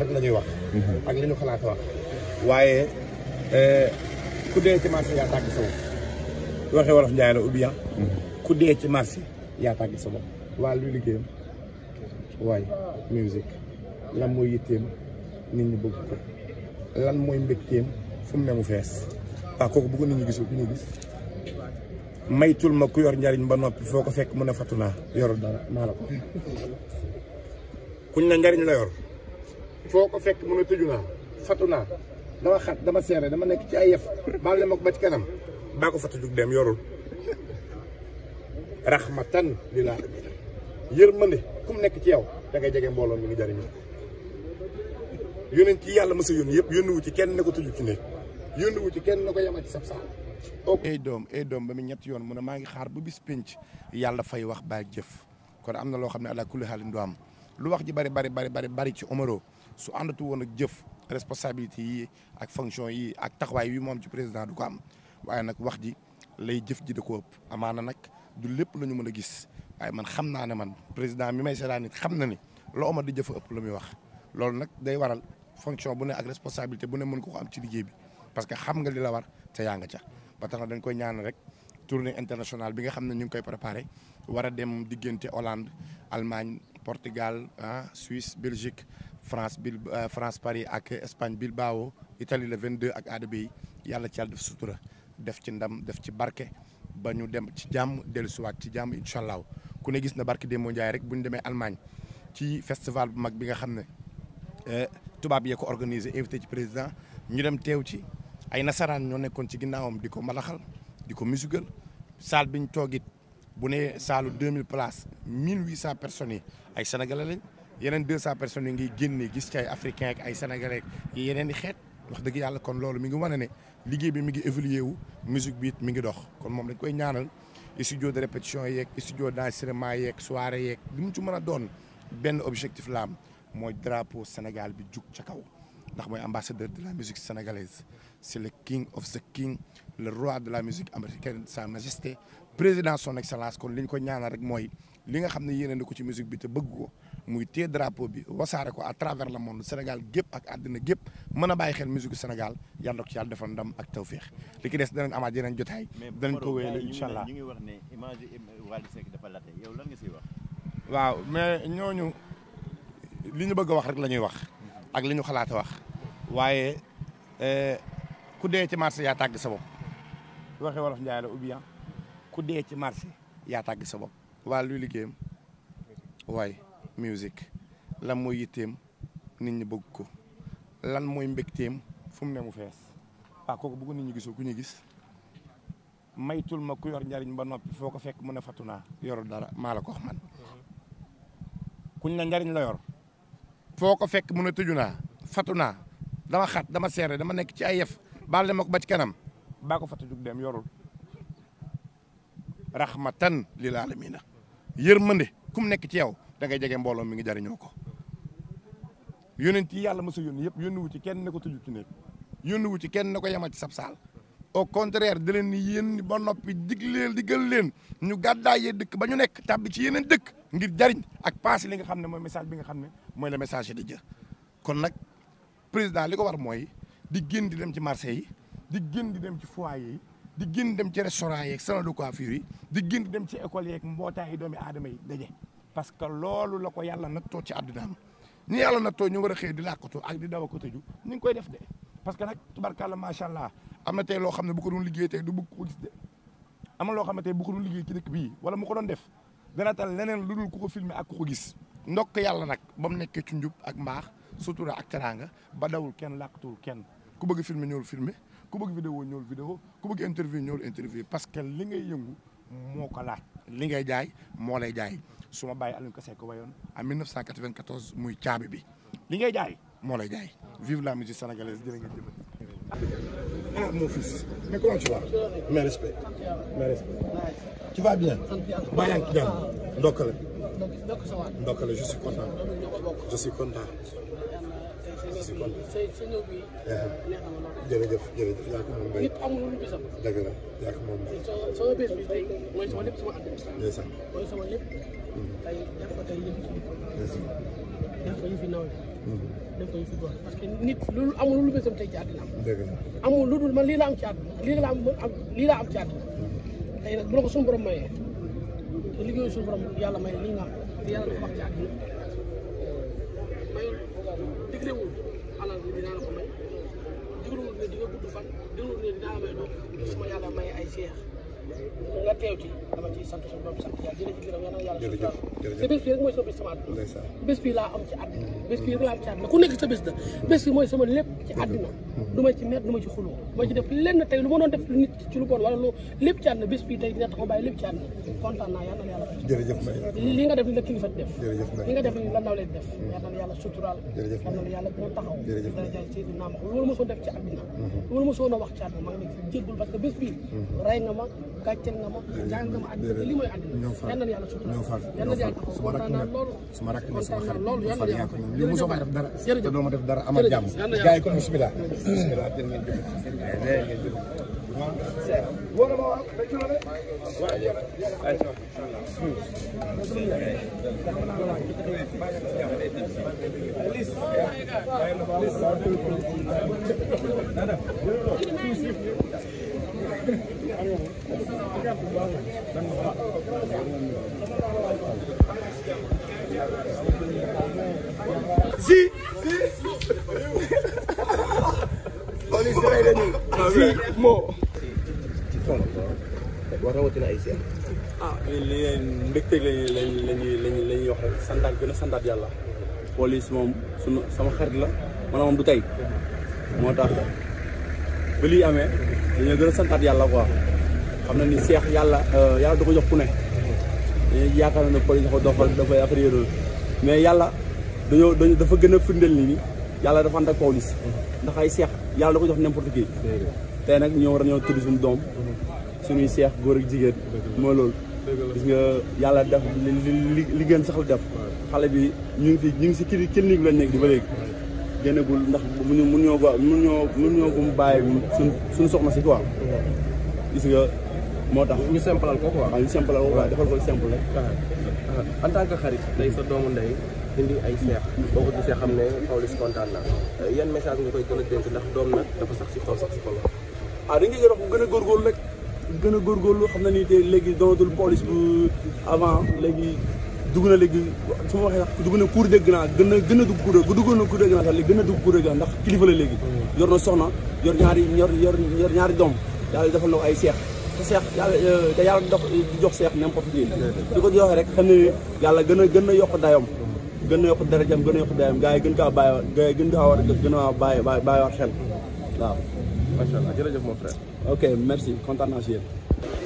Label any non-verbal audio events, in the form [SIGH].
rek la ñuy wax mhm. ak li xalaat wax waaye euh, ku dee ci marché yaa tàgg sa wolof njaay la ou mhm. ci marché yaa tàgg sa bopp waa luy liggéeyam waaye musique lan mooy yitteem nit ñi bëgg ko lan mooy mbégteem fu mu fees waa kooku bëgg nit ñi gisul ñu gis maytul ma ku yor njariñ ba noppi foo ko fekk mën a fatu naa yorul dara maa ko [LAUGHS] kuñ na njariñ la yor foo ko fekk mën a tëju naa fatu naa dama xat dama seere dama nekk ci ay yaf baal ko ba ci kanam baa ko fatu jug dem yorul [LAUGHS] rahmatan lil alamin yërmande ku mu nekk ci yow da jege mbooloo mi ngi jëriñu yónent yi yàlla mos a yónni yëpp yónni ci kenn ne ko tëju ci kenn ne ko ci sab saal ay doom ay doom ba mu ñetti yoon mu ne maa ngi xaar bu bis pénc yàlla fay wax baay jëf kon am na loo xam ne ala kulli xaalin am lu wax ji bari bari bari bari bari ci Omaro su àndatu woon ak jëf responsabilité yi ak fonction yi ak taxawaay yi moom ci président du ko am waaye nag wax ji lay jëf ji da ko ëpp amaana nag du lépp la ñu mën a gis waaye man xam naa ne man président mi may seetaan nit xam na ni loo ma da jëf ëpp lu muy wax loolu nag day waral fonction bu ne ak responsabilité bu ne mën ko ko am ci liggéey bi parce que xam nga li la war te yaa nga ca ba tax na dañ koy ñaan rek tournée internationale bi nga xam ne ñu ngi koy préparé war a dem diggante Hollande Allemagne Portugal ah Suisse Belgique France Bil euh, France Paris ak Espagne Bilbao Italie le 22 ak ADB yi yàlla ci yàlla def sutura def ci ndam def ci barke ba ñu dem ci jàmm dellusiwaat ci jàmm incha allah ku ne gis na barke Demba Ndiaye rek bu ñu demee Allemagne ci festival bu mag bi nga xam ne euh, tubaab yee ko organisé invité ci président ñu dem teew ci ay nasaraan ñoo nekkoon ci ginnaawam di ko malaxal di ko musigal salle bi ñu toog it bu ne saalu 2000 places 1800 personnes yi ay sénégalais lañ. yeneen 200 personnes yi ngi génne gis ci ay africain ak ay sénégalais ak yeneen i xeet wax dëgg yàlla kon loolu mi ngi wane ne liggéey bi mi ngi évolué wu musique bi it mi ngi dox kon moom dañ koy ñaanal studio de répétition yeeg studio d'enregistrement yeeg soirée yeeg li mu ci man a doon benn objectif lam mooy drapeau Sénégal bi jug ca kaw ndax mooy ambassadeur de la musique sénégalaise c'est le king of the king le roi de la musique américaine sa majesté président son excellence kon li ñu ko ñaanal rek mooy li nga xam ne yéene na ko ci musique bi te bëgg muy téye drapeau bi wasaare ko à travers le monde Sénégal gépp ak àddina gépp mën a bàyyi xel musique Sénégal yàlla ko ci yàlla defal ndam ak tawféex li ki des danañ amaat yeneen jotaay. danañ ko wéyale incha allah ñu ngi wax ne image Wally Seck dafa late yow lan nga siy wax. waaw mais ñooñu li ñu bëgg a wax rek la ñuy wax ak lu ñu xalaat a wax waaye eh, ku dee ci marché yaa tàgg sa bopp waxee wolof Njaay la bien ku dee ci marché yaa sa bopp waa luy liggéeyam waaye. music lan mooy yitteem nit ñi bëgg ko lan mooy mbégteem fu mu mu fees waaw kooku bëgg nit ñi gisoo ku ñu gis maytul ma ku yor njariñ ba noppi foo ko fekk mu ne fatu naa yorul dara maa la ko wax man kuñ la njariñ la yor foo ko fekk mën a tëju naa dama xat dama seere dama nekk ci ay yëf baa ma ko ci kanam baa ko fatu jug dem yorul rahmatan lil alamina yërmande ku mu nekk ci yow da ngay jege mbooloo mi ngi jariñoo ko yónent yi yàlla mos a yónni yëpp yónni wu ci kenn ne ko tëju ci néeg yónni wu ci kenn ko yemal ci sab saal au contraire da leen ni yéen ba noppi digleel diggal leen ñu gàddaayee dëkk ba ñu nekk tàbbi ci yeneen dëkk ngir jariñ ak passé li nga xam ne mooy message bi nga xam ne mooy la message de jë kon nag président li ko war mooy di génn di dem ci marché yi di génn di dem ci foyer yi di génn di dem ci restaurant yeeg salon de coiffure yi di génn dem ci école yeeg mbootaay doomi aadama yi parce que loolu la ko yàlla nattoo ci àddinaam ñi yàlla nattoo ñu war a xëy di làkkatu ak di daw a ko tëju ñu ngi koy def de parce que nag tubarkàlla macha allah am na tey loo xam ne bu ko doon liggéey tey du bëgg ko gis de am na loo xam ne tey bu ko liggéey ci dëkk bii wala mu ko doon def dana tal leneen lu dul ku ko filmer ak ku ko gis ndokk yàlla nag ba mu nekkee ci njub ak mbaax sutura ak teraanga ba daw kenn làkkatuwul kenn ku bëgg filmer ñool filmer ku bëgg vidéo ñool vidéo ku bëgg interview ñool interview parce que li ngay yëngu moo ko li ngay jaay moo lay jaay su ma bàyyi Alioune Kassé ko wayoon en 1994 muy caabi bi li ngay jaay moo lay jaay vive la musique sénégalaise jërë ngeen ah mon fils mais comment tu vas mes bien baa yaa ci jàmm ah. ndokkale ndokkale je suis content je ci si kon. jërëjëf jërëjëf yaa ko moom bay. dëgg la yaa ko moom bay. nit loolu amul lu bésam tey ci àddina am. lu dul man lii la am ci àddina lii la am am lii la am te liggéeyu suñu borom yàlla may li nga am yàlla na ko wax diglewul alal bi dinaa la may diglewul ne di nga gudd fan diglewul ne dinaa la may doom su ma yàlla may ay seex nga teew ci dama ciy sant suñu borom sant yàlla jërëjëf gërëm yàlla yàlla jërëjëf sa bés bi rek mooy sama bés sama àdduna bés bi laa am ci àdduna mm-hmm. bés bi rek laa am ci àdduna ku nekk sa bés da bés bi mooy sama lépp ci mm-hmm. àdduna mm-hmm. du ma ci mer du ma ci xuloo ma ci def lenn tey lu ma doon def nit ci lu bon wala lu lépp ci àdduna bés bi tey dina tax ma bàyyi lépp ci àdduna kontaan naa yàlla na yàlla jërëjëf li nga def ni la kilifa def li nga def ni la nawle def yàlla na yàlla suturaal yàlla na yàlla boo taxaw dara jaay ci naam loolu mosoo def ci àdduna loolu mosoo na wax ci àdduna maa ngi jéggul parce que bés bi rey nga ma gàcceel nga ma jàng nga ma àddina li mooy àddina yal na yàlla sutura yal na yàlla kontaan naa loolu suma rakk nga suma xarit loolu yal na yàlla ko li mosoo ma def dara te doo ma def dara amal jàmm jaay ko bismillah bismillah jël ngeen jëf Thank you. Si on Si moo. war na wutina ay seen. ah li li mbégteeg lañuy lañuy lañuy lañuy wax rek santaat gën yàlla. police moom sama xarit la man moom du moo tax ba lii amee. dañoo gën a santaat yàlla quoi xam na ni seex yàlla euh, yàlla du ko jox ku ne dañuy yaakaar ne police dafa doxal dafa affaire mais yàlla dañoo dañoo dafa gën a firndeel nii yàlla dafa ànd ak police ndax ay seex yàlla da ko jox n'importe te nag ñoo war a ñoo tudd suñu doom suñuy seex góor ak jigéen moo loolu gis nga yàlla def li li li gën sax la def xale bi ñu ngi fi ñu ngi si clinique lañ nekk di ba léegi génnagul ndax mu ñu mun ñoo ko mu ñoo mun ñoo ko bàyyi suñ suñ soxna si quoi. gis nga moo tax. ñu simplal ko quoi. waaw ñu simplal ko quoi defal ko simple rek. Ah, ah. en tant que xarit day sa doomu ndey indi ay seex boo ko gisee xam ne Pawlish kontaan na yan message nga koy gën a dénk ndax doom nag dafa sax si xol sax ah, gën a gën a góorgóorlu rek gën a góorgóorlu xam na ni te léegi doonatul Pawlish avant léegi. dugg na léegi su ma waxee sax dugg na cour de naa gën a gën a dugg cour bu duggoon na gën a dugg cour de grand ndax kilifa la léegi mm. yor na soxna yor ñaari yor yor ñaari doom yàlla defal na ay seex te seex yàlla euh, te yàlla dox di jox seex n'importe qui di ko joxee rek xam ne yàlla gën a gën a yokk dayom gën na yokk darajam gën a yokk dayom gars yi gën kaa bàyyi gars yi gën kaa war a gën a bàyyi bàyyiwaat xel waaw macha allah jërëjëf mon frère ok merci kontaan naa si